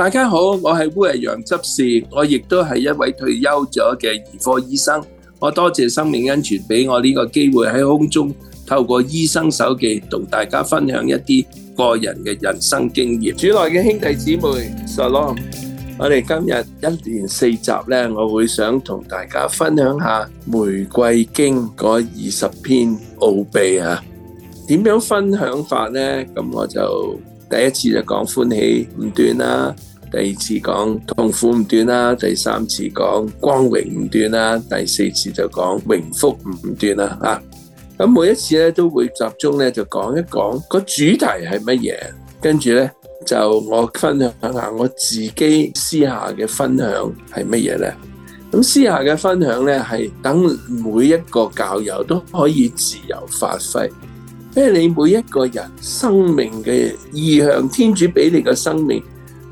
大家好，我係烏羊執事，我亦都係一位退休咗嘅兒科醫生。我多謝生命恩泉俾我呢個機會喺空中透過醫生手記同大家分享一啲個人嘅人生經驗。主內嘅兄弟姊妹，Salon，我哋今日一連四集呢，我會想同大家分享下《玫瑰經》嗰二十篇奧秘啊。點樣分享法呢？咁我就第一次就講歡喜五端啦。第二次講痛苦五端啦，第三次講光榮五端啦，第四次就講榮福五端啦。吓、啊，咁每一次咧都會集中咧就講一講個主題係乜嘢，跟住咧就我分享一下我自己私下嘅分享係乜嘢咧。咁私下嘅分享咧係等每一個教友都可以自由發揮，即係你每一個人生命嘅意向，天主俾你嘅生命。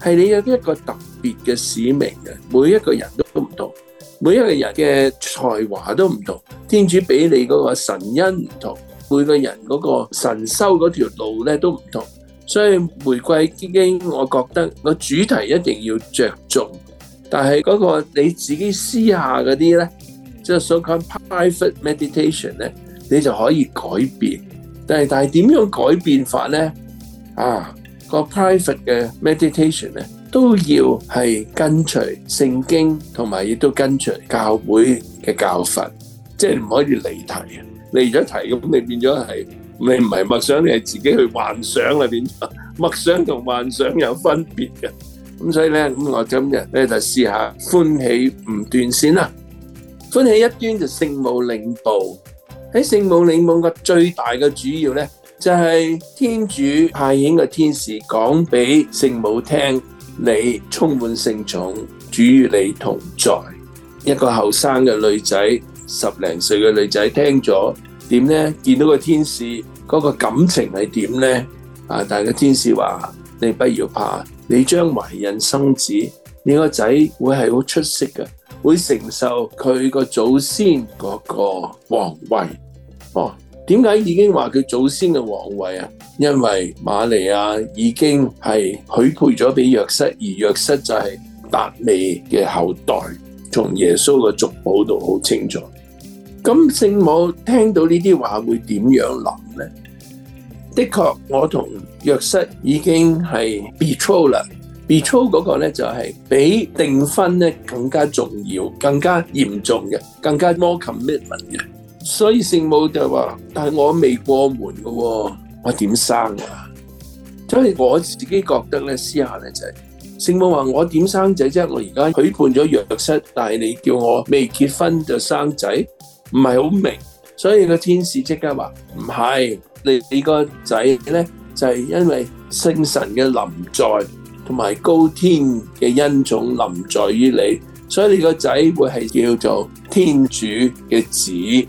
係你有一個特別嘅使命嘅，每一個人都唔同，每一個人嘅才華都唔同。天主俾你嗰個神恩唔同，每個人嗰個神修嗰條路咧都唔同。所以玫瑰經我，我覺得個主題一定要着重，但係嗰個你自己私下嗰啲咧，即係所講 private meditation 咧，你就可以改變。但係但係點樣改變法咧？啊！個 private 嘅 meditation 咧，都要係跟隨聖經，同埋亦都跟隨教會嘅教訓，即係唔可以離題啊！離咗題咁，你變咗係你唔係默想，你係自己去幻想啦，變咗默想同幻想有分別嘅。咁所以咧，咁我今日咧就試下歡喜五端先啦。歡喜一端就聖母領報，喺聖母領報個最大嘅主要咧。就係天主派遣的天使講俾聖母聽，你充滿聖寵，主與你同在。一個後生嘅女仔，十零歲嘅女仔，聽咗，點呢？見到個天使嗰個感情係點呢？啊！但係個天使話，你不要怕，你將懷孕生子，你個仔會係好出色嘅，會承受佢個祖先嗰個皇位。哦。點解已經話佢祖先嘅皇位啊？因為瑪利亞已經係許配咗俾約瑟，而約瑟就係達味嘅後代，從耶穌嘅族譜度好清楚。咁聖母聽到呢啲話會點樣諗咧？的確，我同約瑟已經係 betro 了，betro 嗰個咧就係比訂婚咧更加重要、更加嚴重嘅，更加 more commitment 嘅。所以聖母就話：，但係我未過門㗎喎，我點生啊？所以我自己覺得咧，私下咧就係、是、聖母話：我點生仔啫？我而家許配咗約瑟，但係你叫我未結婚就生仔，唔係好明。所以個天使即刻話：唔係，你你個仔咧就係、是、因為聖神嘅臨在，同埋高天嘅恩寵臨在於你，所以你個仔會係叫做天主嘅子。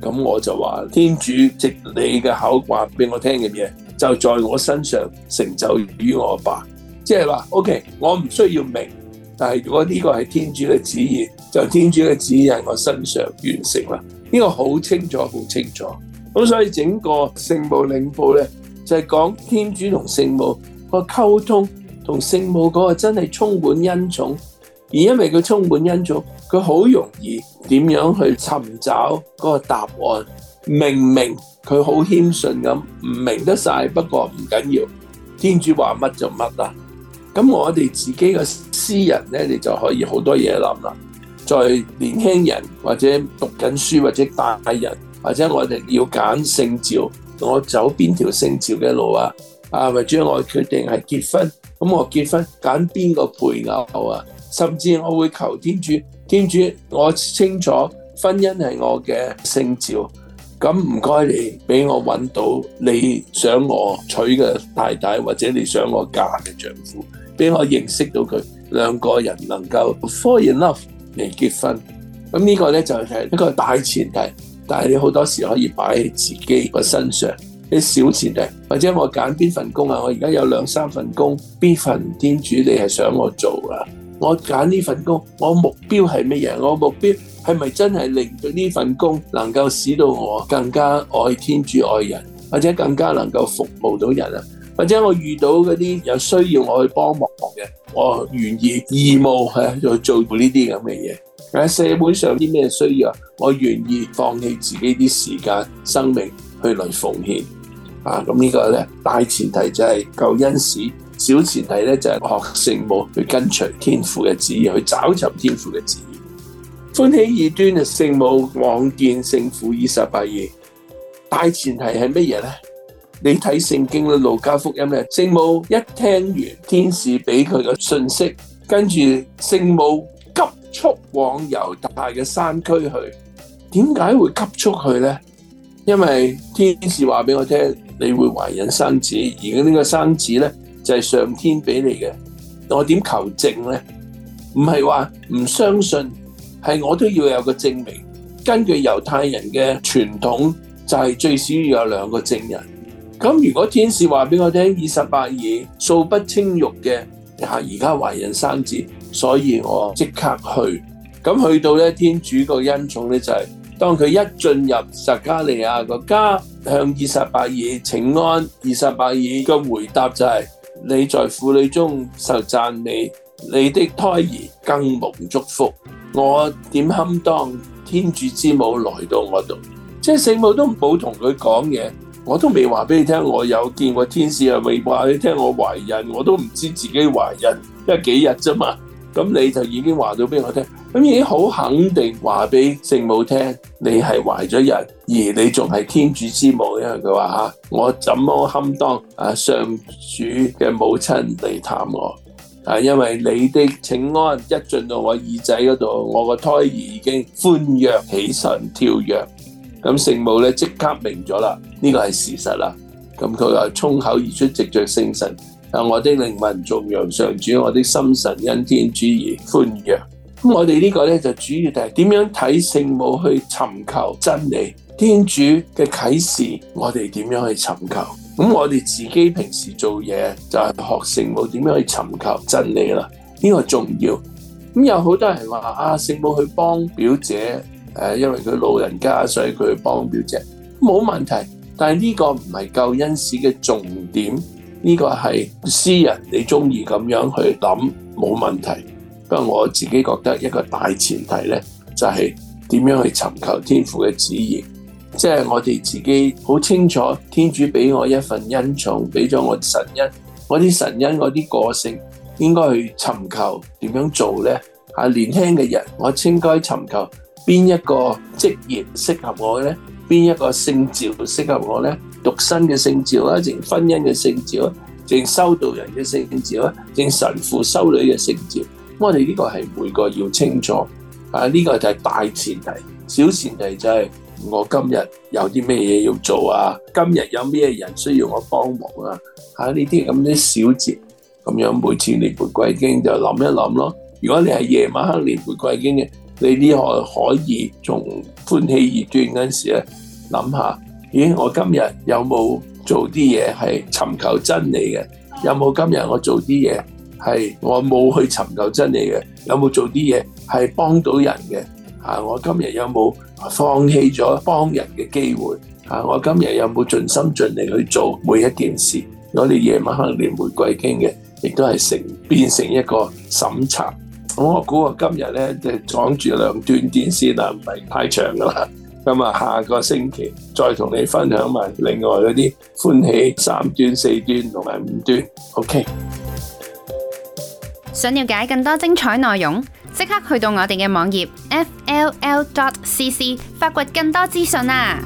咁我就話天主藉你嘅口話俾我聽嘅嘢，就在我身上成就於我吧。即係話，OK，我唔需要明，但係如果呢個係天主嘅旨意，就天主嘅旨意喺我身上完成啦。呢、這個好清楚，好清楚。咁所以整個聖母領報咧，就係、是、講天主同聖母個溝通，同聖母嗰個真係充滿恩寵，而因為佢充滿恩寵。佢好容易點樣去尋找嗰個答案？明明佢好謙遜咁，唔明得晒。不過唔緊要，天主話乜就乜啦。咁我哋自己嘅私人呢，你就可以好多嘢諗啦。在年輕人或者讀緊書或者大人，或者我哋要揀聖召，我走邊條聖召嘅路啊？啊，或者我決定係結婚，咁我結婚揀邊個配偶啊？甚至我會求天主。天主，我清楚婚姻係我嘅聖召。咁唔該你俾我揾到你想我娶嘅太太，或者你想我嫁嘅丈夫，俾我認識到佢兩個人能夠 fall in love 嚟結婚，咁呢個呢，就係、是、一個大前提，但係你好多時可以擺喺自己個身上啲小前提，或者我揀邊份工啊，我而家有兩三份工，邊份天主你係想我做啊？我揀呢份工，我目標係乜嘢？我目標係咪真係令到呢份工能夠使到我更加愛天主愛人，或者更加能夠服務到人啊？或者我遇到嗰啲有需要我去幫忙嘅，我願意義務去做做呢啲咁嘅嘢。喺社會上有啲咩需要，我願意放棄自己啲時間生命去嚟奉獻。啊，咁呢個咧大前提就係救恩史。小前提咧就係學聖母去跟隨天父嘅旨意，去找尋天父嘅旨意。歡喜二端嘅聖母往見聖父依撒伯爾。大前提係乜嘢咧？你睇聖經嘅路加福音咧，聖母一聽完天使俾佢嘅信息，跟住聖母急速往猶大嘅山區去。點解會急速去咧？因為天使話俾我聽，你會懷孕生子，而家呢個生子咧。就係上天俾你嘅，我點求證呢？唔係話唔相信，係我都要有個證明。根據猶太人嘅傳統，就係、是、最少要有兩個證人。咁如果天使話俾我聽，依撒伯爾素不清玉嘅嚇，而家懷孕生子，所以我即刻去。咁去到呢天主個恩寵呢、就是，就係當佢一進入撒加利亞個家，向依撒伯爾請安，依撒伯爾嘅回答就係、是。你在婦女中受讚美，你的胎兒更蒙祝福。我點堪當天主之母來到我度？即係聖母都冇同佢講嘢，我都未話俾你聽。我有見過天使啊，我未話你聽我懷孕，我都唔知自己懷孕一幾日咋嘛？咁你就已經話到俾我聽，咁已經好肯定話俾聖母聽，你係懷咗人，而你仲係天主之母，因為佢話吓我怎麼堪當啊上主嘅母親嚟探我？啊，因為你的請安一進到我耳仔嗰度，我個胎兒已經歡躍起身、跳躍。咁聖母咧即刻明咗啦，呢個係事實啦。咁佢又衝口而出，藉着聖神。啊！我的靈魂重揚上主，我的心神因天主而歡躍。咁我哋呢個咧就主要就係點樣睇聖母去尋求真理，天主嘅啟示，我哋點樣去尋求？咁我哋自己平時做嘢就係、是、學聖母點樣去尋求真理啦。呢、這個重要。咁有好多人話啊，聖母去幫表姐，誒、啊，因為佢老人家，所以佢去幫表姐，冇問題。但係呢個唔係救恩史嘅重點。呢個係私人，你中意咁樣去諗，冇問題。不過我自己覺得一個大前提呢，就係點樣去尋求天父嘅旨意。即係我哋自己好清楚天主俾我一份恩寵，俾咗我神恩，我啲神恩我啲個性應該去尋求點樣做呢？係年輕嘅人，我應該尋求邊一個職業適合我呢？邊一個聖召適合我呢？獨身嘅聖召啊，淨婚姻嘅聖召啊，淨修道人嘅聖召啊，淨神父修女嘅聖召。我哋呢個係每個要清楚啊，呢個就係大前提。小前提就係我今日有啲咩嘢要做啊，今日有咩人需要我幫忙啊？吓，呢啲咁啲小節，咁樣每次你玫瑰經就諗一諗咯。如果你係夜晚黑念玫瑰經嘅，你呢個可以從歡喜二端嗰陣時咧諗下。咦，我今日有冇做啲嘢係尋求真理嘅？有冇今日我做啲嘢係我冇去尋求真理嘅？有冇做啲嘢係幫到人嘅？啊，我今日有冇放棄咗幫人嘅機會？啊，我今日有冇盡心盡力去做每一件事？我哋夜晚黑念玫瑰經嘅，亦都係成變成一個審查。咁我估我今日咧就係講住兩端電線啊，唔係太長噶啦。咁啊，下個星期再同你分享埋另外嗰啲歡喜三端、四端同埋五端，OK。想了解更多精彩內容，即刻去到我哋嘅網頁 fll.cc，發掘更多資訊啊！